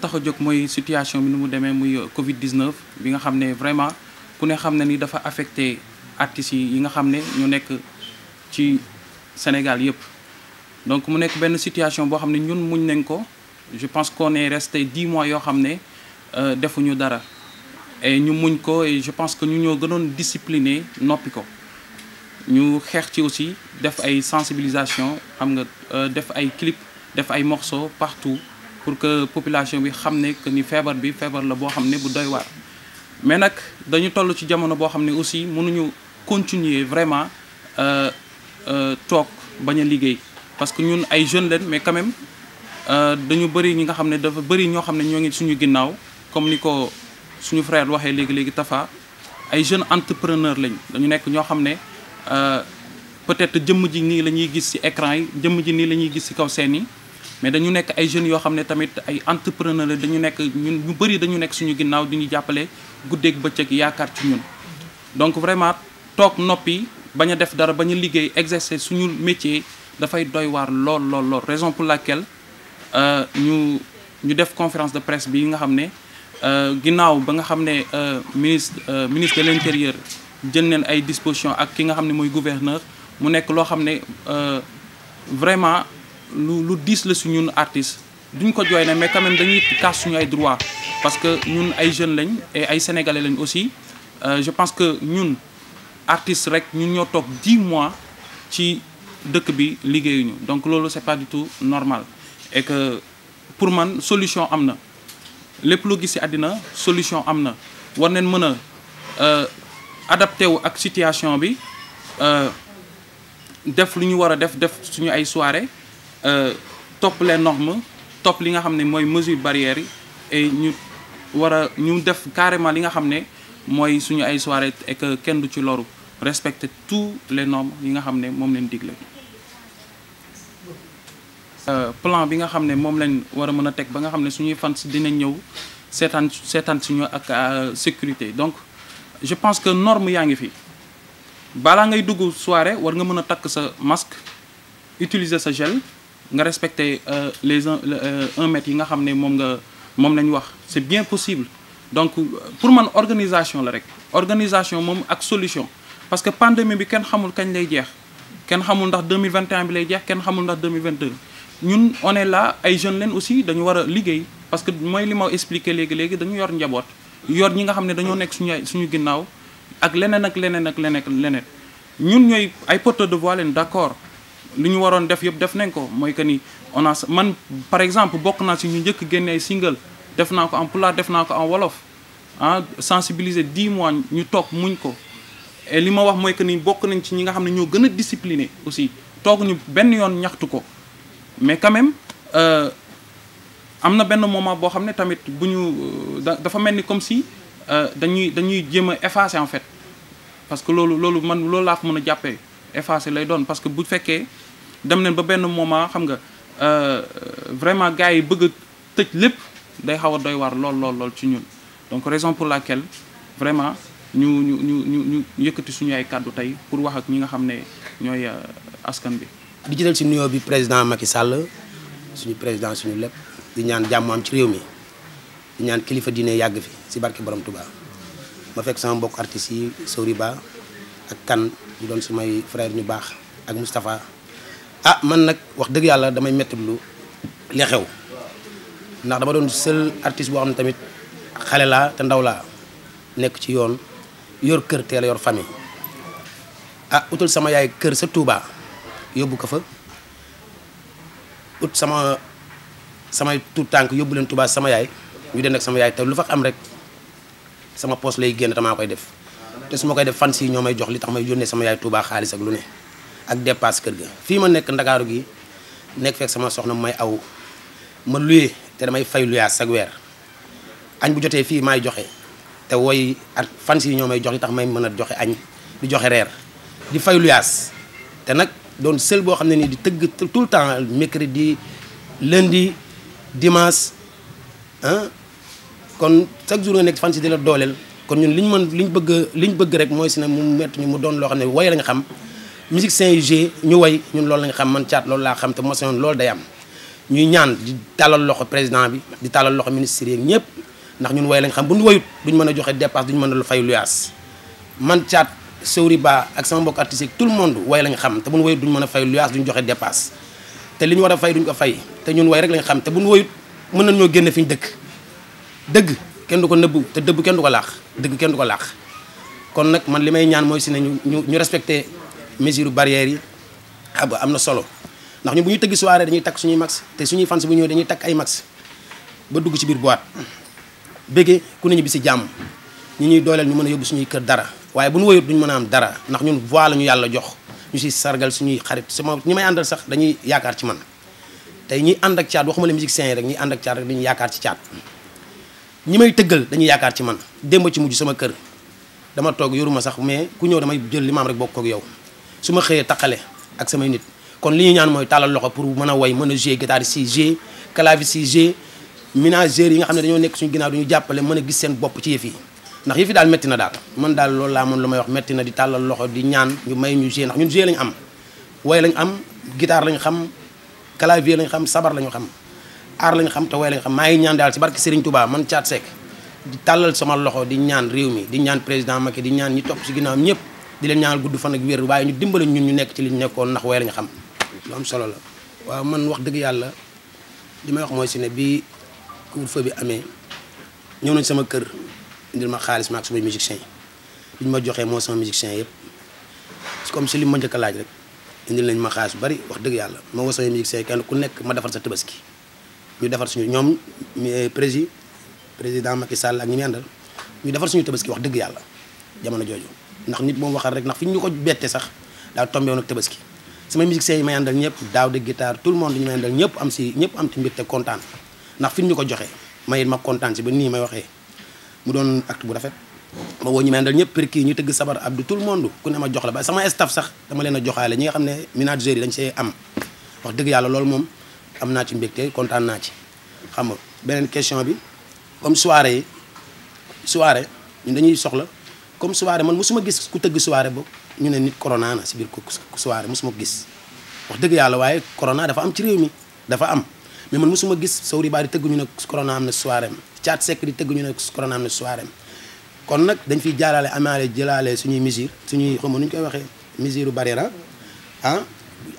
tax a jóg mooy situation bi nu mu demee muy Covid 19 bi nga xam ne vraiment ku ne xam ne ni dafa affecté artistes yi nga xam ne ñu nekk ci Sénégal yëpp. donc mu nekk benn situation boo xam ne ñun muñ nañ ko je pense qu'on ne reste dix mois yoo xam ne euh, defuñu dara et ñu muñ ko je pense que ñu ñoo gënoon discipliné noppi ko. ñu xeex ci aussi def ay sensibilisation xam nga euh, def ay clip def ay morceaux partout. pour que population bi xam ne que ni feebar bi feebar la boo xam ne bu doy waar. mais nag dañu toll ci jamono boo xam ne aussi mënuñu continuer vraiment euh, euh, toog bañ liggéey parce que ñun ay jeunes leen mais quand même euh, dañu bëri ñi nga xam ne dafa bëri ñoo xam ne ñoo ngi suñu ginnaaw comme ni ko suñu frère waxee léegi léegi Tafa ay jeunes entrepreneur lañ dañu nekk ñoo xam ne peut-être jëmm ji nii la ñuy gis ci écran yi jëmm ji nii la ñuy gis ci kaw seen yi mais dañu nekk ay jeunes yoo xam ne tamit ay entrepreneur la dañu nekk ñun ñu bëri dañu nekk suñu ginnaaw di ñu jàppale guddeeg bëccëg yaakaar ci ñun. donc vraiment toog noppi bañ a def dara bañ a liggéey exercer suñu métier dafay doy waar lool lool lool raison pour laquelle euh, ñu ñu def conférence de presse bi nga xam ne euh, ginnaaw ba nga xam ne euh, ministre ministre de l'intérieur jël neen ay dispositions ak ki nga xam ne mooy gouverneur mu nekk loo xam ne vraiment. lu lu diis la su ñun artistes duñ ko jooy na mais quand dañuy kaas suñu ay droit parce que ñun ay jeunes lañ et ay sénégalais lañ aussi euh, je pense que ñun artistes rek ñun ñoo toog 10 mois ci dëkk bi liggéeyuñu donc loolu c'est pas du tout normal et que pour man solution am na lépp loo gis ci àddina solution am na war neen mën a euh, adapté wu ak situation bi euh, def lu ñu war a def def suñu ay soirée Euh, topp lee norme topp li nga xam ne mooy mesure barrières yi et ñu war a ñu def carrément li nga xam ne mooy suñu ay soirée et kenn du ci loru respecte tous les normes yi nga xam ne moom leen digle euh, plan bi nga xam ne moom lañ war a mën a teg ba nga xam ne suñuy fans dinañ ñëw seetaan seetaan suñu ak euh, sécurité donc je pense que norme yaa ngi fii balaa ngay dugg soirée war nga mën a takk sa masque utiliser sa gel nga respecter euh, les un euh, un mètre yi nga xam ne moom nga moom la ñu wax c'est bien possible donc pour man organisation la rek organisation moom ak solution parce que pandémie bi kenn xamul kañ lay jeex kenn xamul ndax 2021 bi lay jeex kenn xamul ndax 2022 ñun on est là ay jeunes leen aussi dañu war a liggéey parce que mooy li ma expliqué léegi léegi dañu yor njaboot yor ñi nga xam ne dañoo nekk suñu suñu ginnaaw ak leneen ak leneen ak leneen leneen ñun ñooy ay porteurs de voix leen d'accord li ñu waroon def yëpp def nañ ko mooy que ni on man par exemple bokk naa si ñu njëkk génne ay single def naa ko en pulaar def naa ko en wolof ah sensibiliser 10 mois ñu toog muñ ko. et li ma wax mooy que ni bokk nañ ci ñi nga xam ne ñoo gën a discipliné aussi toog ñu benn yoon ñaxtu ko mais quand même euh, am na benn moment boo xam ne tamit bu ñu euh, dafa mel ni comme si euh, dañuy dañuy jéem a effacer en fait parce que loolu loolu man loolu laa ko mën a jàppee. effacé lay doon parce que bu fekkee dem nañ ba benn moment xam nga euh, vraiment gars yi bëgg a tëj lépp day xaw a doy waar lool lool lool ci ñun donc raison pour laquelle vraiment ñu ñu ñu ñu ñu yëkkati suñu ay kàddu tey pour wax ak ñi nga xam ne ñooy euh, askan bi. di jëlal si nuyoo bi président Macky Sall suñu président suñu lépp di ñaan jàmm ci réew mi di ñaan kilifa diine yàgg fi si barke borom Touba ma fekk sama mbokk artistes yi Sori Ba. ak kan ñu doon sumay frère ñu baax ak Moustapha ah man nag wax dëgg yàlla damay métti lu li ndax dama doon seul artiste boo xam ne tamit xale laa te ndaw laa nekk ci yoon yor kër teel a yor famille ah utul sama yaay kër sa Touba yóbbu ko fa ut sama samay tout tànk yóbbu leen Touba sama yaay ñu den ak sama yaay te lu fa am rek sama poos lay génn te koy def te su ma koy def fan si ñoo may jox li tax may yónnee sama yaay Touba xaalis ak lu ne ak dépasse kër ga fii ma nekk ndakaaru gi nekk fekk sama soxna may aw ma luyee te damay fay luyaas chaque weer añ bu jotee fii maay joxe te woy ak fan si ñoo may jox tax may mën a joxe añ di joxe reer di fay luyaas te nag doon sel boo xam ne nii di tëgg tout le temps mercredi lundi dimanche ah kon chaque jour nga nekk fan di la dooleel kon ñun liñ mën liñ bëgg liñ bëgg rek mooy si ne mu mett ñu mu doon loo xam ne way la nga xam musique Saint-Louis ñu woy ñun loolu la xam man caat loolu laa xam te mos noonu loolu day am ñuy ñaan di tàllal loxo président bi di tàllal loxo ministre yeeg ñëpp ndax ñun way la xam bu ñu wayut duñ mën a joxe dépasse duñ mën a fay luyaas man caat Sowri Ba ak sama mbokk artistes tout le monde way la nga xam te bu ñu mën a fay luyaas duñ joxe dépasse te li ñu war a fay duñ ko fay te ñun way rek la xam te bu ñu wayut mën nañoo génn fi ñu dëkk dëgg kenn du ko nëbbu te dëbb kenn du ko laax dëgg kenn du ko laax kon nag man li may ñaan mooy si ne ñu ñu ñu respecté mesure barrières yi xam am na solo ndax ñu bu ñu tëgg soirée dañuy takk suñuy max te suñuy fans bu ñëwee dañuy takk ay max ba dugg ci biir boîte béggee ku ne ñu bi si jàmm ñi ñuy dooleel ñu mën a yóbbu suñuy kër dara waaye bu ñu woyut duñ mën a am dara ndax ñun voix la ñu yàlla jox ñu si sargal suñuy xarit sama ñi may àndal sax dañuy yaakaar ci man tey ñuy ànd ak caat waxuma la musicien yi rek yaakaar ci caat ñi may tëggal dañu yaakaar ci man démb ci mujj sama kër dama toog yoruma sax mais ku ñëw damay jël li maam rek bokk ak yow su ma xëyee taqale ak samay nit kon li ñu ñaan mooy tàllal loxo pour mën a woy mën a jouer guitare si jouer clavier si jouer ménagères yi nga xam ne dañoo nekk suñu ginnaaw ñu jàppale mën a gis seen bopp ci yëf yi ndax yëf yi daal metti na daal man daal loolu laa mën lu may wax metti na di tàllal loxo di ñaan ñu may ñu jouer ndax ñun jouer lañ am way lañ am guitare lañ xam clavier lañ xam sabar lañu xam aar lañ xam te way lañ xam maa ngi ñaan daal si barke Serigne Touba man Thiat Seck di tàllal sama loxo di ñaan réew mi di ñaan président Macky di ñaan ñi topp si ginnaawam ñëpp di leen ñaanal gudd fan ak wér ñu dimbale ñun ñu nekk ci liñ nekkoon ndax way lañ lu solo la waaw man wax dëgg yàlla li may wax mooy si bi couvre bi amee ñëw nañ sama kër indil ma xaalis ma ak samay musiciens yi li ñu ma joxee moo sama musiciens yëpp comme si li ma njëkk laaj rek ma xaalis bu bari dëgg yàlla ma woo samay ku nekk ma defar sa tabaski ñu defar suñu ñoom eh, prési président Macky Sall ak ñi mu àndal ñu defar suñu tabaski wax dëgg yàlla jamono jooju ndax nit moom waxal rek ndax fi ñu ko bette sax daal tombé woon ak tabaski sama musiciens yi may àndal ñëpp daaw de guitare tout le monde ñu may àndal ñëpp am si ñëpp am ci kontaan ndax fi ñu ko joxee ma kontaan si ba nii may waxee mu doon bu rafet ñëpp kii ñu tëgg sabar abdu tout le monde ku ne ma jox la ba sama staff sax dama leen a joxaale ñi nga xam ne ménageurs yi dañ see am wax dëgg yàlla loolu moom am naa ci mbégte kontaan naa ci xam nga beneen question bi comme soirée yi soirée ñun soxla comme soirée man mosuma gis ku tëgg soirée ba ñu ne nit corona na si biir soirée mosuma gis wax dëgg yàlla waaye corona dafa am ci réew mi dafa am mais man suma gis Sowri Ba di tëgg ñu ne corona am na soirée am Thiat Seck di tëgg ñu ne corona am na soirée kon nag dañ fiy jaarale amaale jëlaale suñuy mesure suñuy xam nu ñu koy waxee mesure barrière ah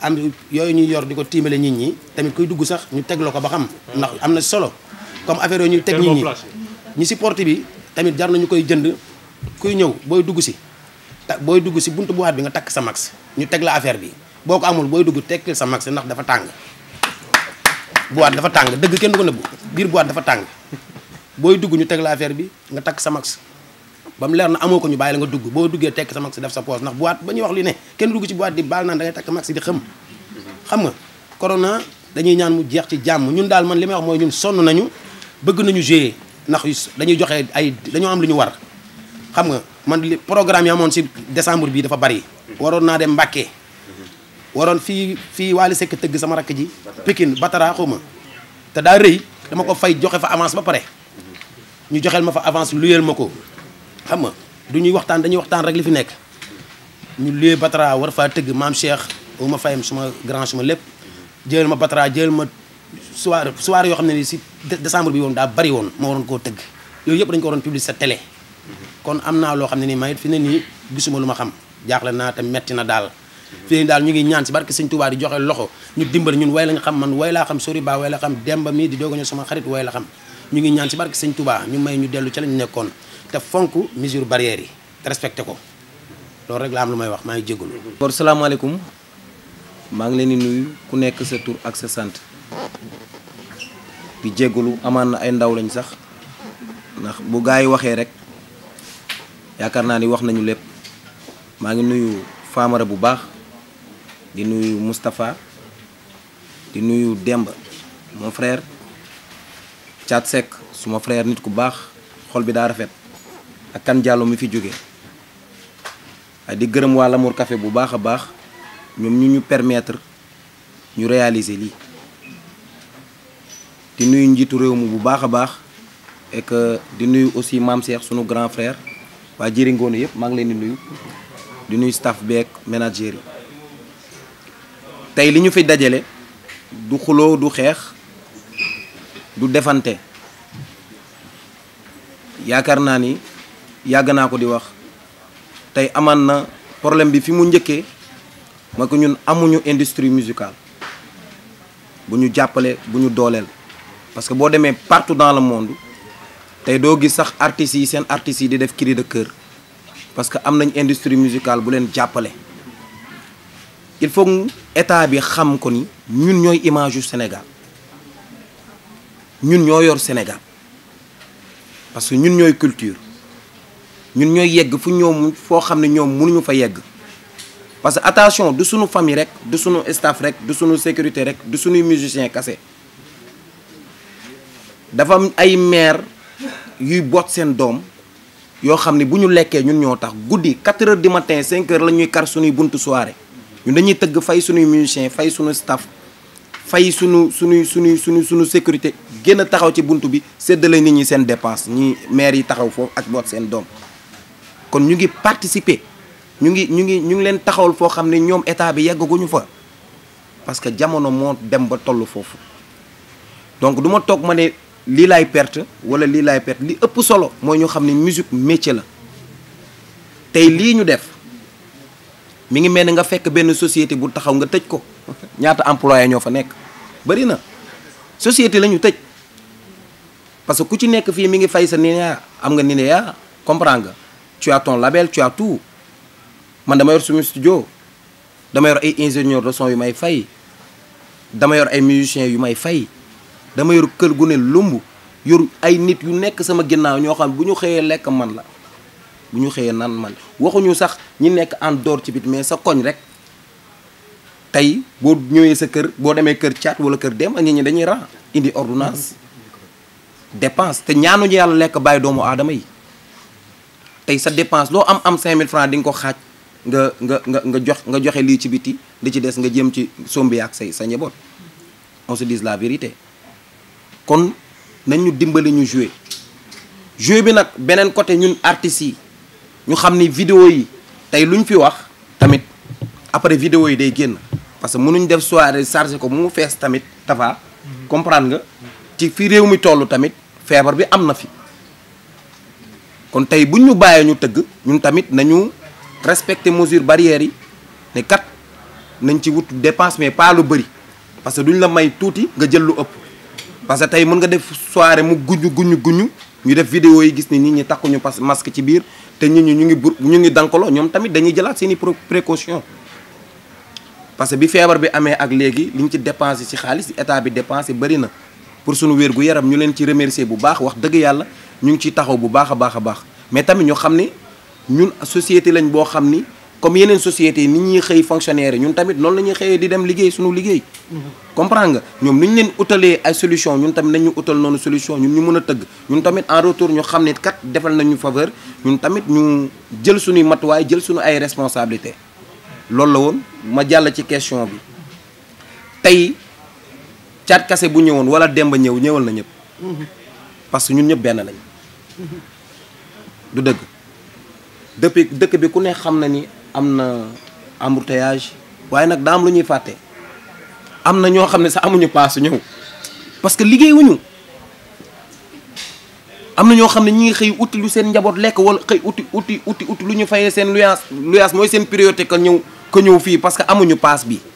am yooyu ñuy yor di ko tiimale nit ñi tamit kuy dugg sax ñu teg ko ba xam ah. ndax am na solo comme affaire yooyu ñuy teg nit ñi si porte bi tamit jar nañu koy jënd kuy ñëw booy dugg si ta booy dugg si bunt buwaat bi nga takk sa max ñu teg la affaire bi boo ko amul booy dugg tekkil sa max ndax dafa tàng boîte dafa tàng dëgg kenn ko nëbbu biir boîte dafa tàng booy dugg ñu teg la affaire bi nga takk sa max ba mu leer na amoo ko ñu bàyyi la nga dugg boo duggee tekk sa maxi def sa poos ndax boîte ba ñuy wax li ne kenn dugg ci boîte di baal naan da ngay takk maxi di xëm xam nga corona dañuy ñaan mu jeex ci jàmm ñun daal man li may wax mooy ñun sonn nañu bëgg nañu jouer ndax dañuy joxe ay dañoo am lu ñu war xam nga man li programme yi amoon si décembre bii dafa bari waroon naa dem Mbàkke waroon fii fii Waly sekk tëgg sama rakk ji Pikine Batara xaw ma te daa rëy dama ko fay joxe fa avance ba pare ñu joxeel ma fa avance luyeel ma ko xam nga du ñuy waxtaan dañuy waxtaan rek li fi nekk ñu lie Batara war faa tëgg maam Cheikh bu ma fayam suma grand suma lépp jël ma Batara jël ma soir soir yoo xam ne ni si décembre bi woon daa bari woon ma waroon koo tëgg yooyu yëpp dañu ko waroon publier sa télé kon am naa loo xam ne nii mayit fi ne nii gisuma lu ma xam jaaxle naa te metti na daal fi ne daal ñu ngi ñaan si barke sëñ Tuubaa di joxe loxo ñu dimbali ñun way lañ xam man way laa xam sori baa way la xam demba mii di doogaño sama xarit la xam ñu ngi ñaan ci barke sëñ Touba ñu may ñu dellu ca lañu nekkoon te fonk mesure barrière yi te respecté ko loolu rek am lu may wax maa ngi jégalu. bor salaamaaleykum maa ngi leen di nuyu ku nekk sa tur ak sa sant di jégalu amaan na ay ndaw lañ sax ndax bu gaa yi waxee rek yaakaar naa ni wax nañu lépp maa ngi nuyu Famara bu baax di nuyu mustafa di nuyu Demba mon frère. Thiat Seck suma frère nit ku baax xol bi daa rafet ak kan Diallo mi fi jóge di gërëm waa Lamour kafe bu baax a baax ñoom ñu ñu permettre ñu réaliser lii di nuyu njiitu réew mi bu baax a baax et que di nuyu aussi maam Cheikh sunu grand frère waa jëri ngoone yëpp maa ngi leen di nuyu di nuyu staff beeg manager yi tey li ñu fi dajale du xuloo du xeex du defante yaakaar naa ni yàgg naa ko di wax tey amaan na problème bi fi mu njëkkee mooy ko ñun amuñu industrie musicale bu ñu jàppale bu ñu dooleel parce que boo demee partout dans le monde tey doo gis sax artistes yi seen artistes yi di def cri de kër parce que am nañu industrie musicale bu leen jàppale il faut état bi xam ko ni ñun ñooy image yu Sénégal ñun ñoo yor Sénégal parce que ñun ñooy culture ñun ñooy yegg fu ñoom foo xam ne ñoom ñu fa yegg parce que attention du suñu famille rek du suñu staff rek du suñu sécurité rek du suñuy musicien kase dafa am ay maire yuy boot seen doom yoo xam ne bu ñu lekkee ñun ñoo tax guddi 4 heures du matin 5 heures la ñuy kar suñuy buntu soirée ñun dañuy tëgg fay suñuy musicien fay suñu staff fay sunu sunuy sunuy sunu suñu sécurité gën a taxaw ci bunt bi séddale nit ñi seen dépense ñi maire yi taxaw foofu ak boot seen doom kon ñu ngi participer ñu ngi ñu ngi ñu ngi leen taxawul foo xam ne ñoom état bi yeggaguñu fa parce que jamono moo dem ba toll foofu donc duma toog ma ne lii laay perte wala lii laay perte li ëpp solo mooy ñu xam ne musique métier la tey lii ñu def mu ngi mel ni nga fekk benn société bu taxaw nga tëj ko ñaata employé ñoo fa nekk bëri na société lañu ñu tëj parce que ku ci nekk fii mi ngi fay sa NINEA am nga NINEA comprendre nga tu ton label tu tout man dama yor suñu studio dama yor ay ingénieur de son yu may fay dama yor ay musiciens yu may fay dama yor kër gu lumb yor ay nit yu nekk sama ginnaaw ñoo xam bu ñu xëyee lekk man la bu ñu xëyee nan man waxuñu sax ñi nekk en dehors ci bit mais sa koñ rek tey boo ñëwee sa kër boo demee kër caat wala kër dem nit ñi dañuy ran indi ordonnance dépense te ñaanuñu yàlla lekk bàyyi doomu aadama yi tey sa dépense loo am am 5000 francs di nga ko xaaj nga nga nga nga jox nga joxe lii ci biti li ci des nga jëm ci sombi ak say sa njaboot on se dise la vérité kon nañ ñu dimbali ñu jouer jouer bi nag beneen côté ñun artistes yi ñu xam ni vidéo yi tey lu ñu fi wax tamit après vidéo yi day génn parce que mënuñ def soirée chargé ko mu fees tamit tafa comprendre nga ci fi réew mi toll tamit feebar bi am na fi kon tey buñ ñu bàyyee ñu tëgg ñun tamit nañu respecter mesures barrières yi ne kat nañ ci wut dépense mais pas lu bëri parce que duñ la may tuuti nga jël lu ëpp parce que tey mën nga def soirée mu guñu guñu guñu ñu def vidéo yi gis ni nit ñi takkuñu pas masque ci biir te nit ñi ñu ngi bur ñu ngi dankaloo ñoom tamit dañuy jëlaat seeni précaution parce que bi feebar bi amee ak léegi ñu ci dépensé ci xaalis état bi dépensé bëri na pour suñu wér gu yaram ñu leen ci remercier bu baax wax dëgg yàlla ñu ngi ciy taxaw bu baax a baax a baax mais tamit ñu xam ni ñun société lañ boo xam ni comme yeneen société nit ñuy xëy fonctionnaire ñun tamit noonu la ñuy xëyee di dem liggéey suñu liggéey comprendre nga ñoom ni ñu leen utalee ay solution ñun tamit nañu utal noonu solution ñu ñu mën a tëgg ñun tamit en ñu xam ne kat defal nañu faveur ñun tamit ñu jël suñuy matuwaay jël suñu ay responsabilité loolu la woon ma jàll ci question bi tey Thiat kase bu ñëwoon wala Demba ñëw ñëwal na ñëpp parce que ñun ñëpp benn lañ du dëgg depuis dëkk bi ku ne xam na ni am na embouteillage waaye nag daa am lu ñuy fàtte am na ñoo xam ne sax amuñu paasu ñëw parce que liggéey wuñu am na ñoo xam ne ñi ngi xëy uti lu seen njaboot lekk wala xëy uti uti uti uti lu ñu fayee seen luyaas luyaas mooy seen priorité ka ñëw ko ñëw fii parce que amuñu paas bi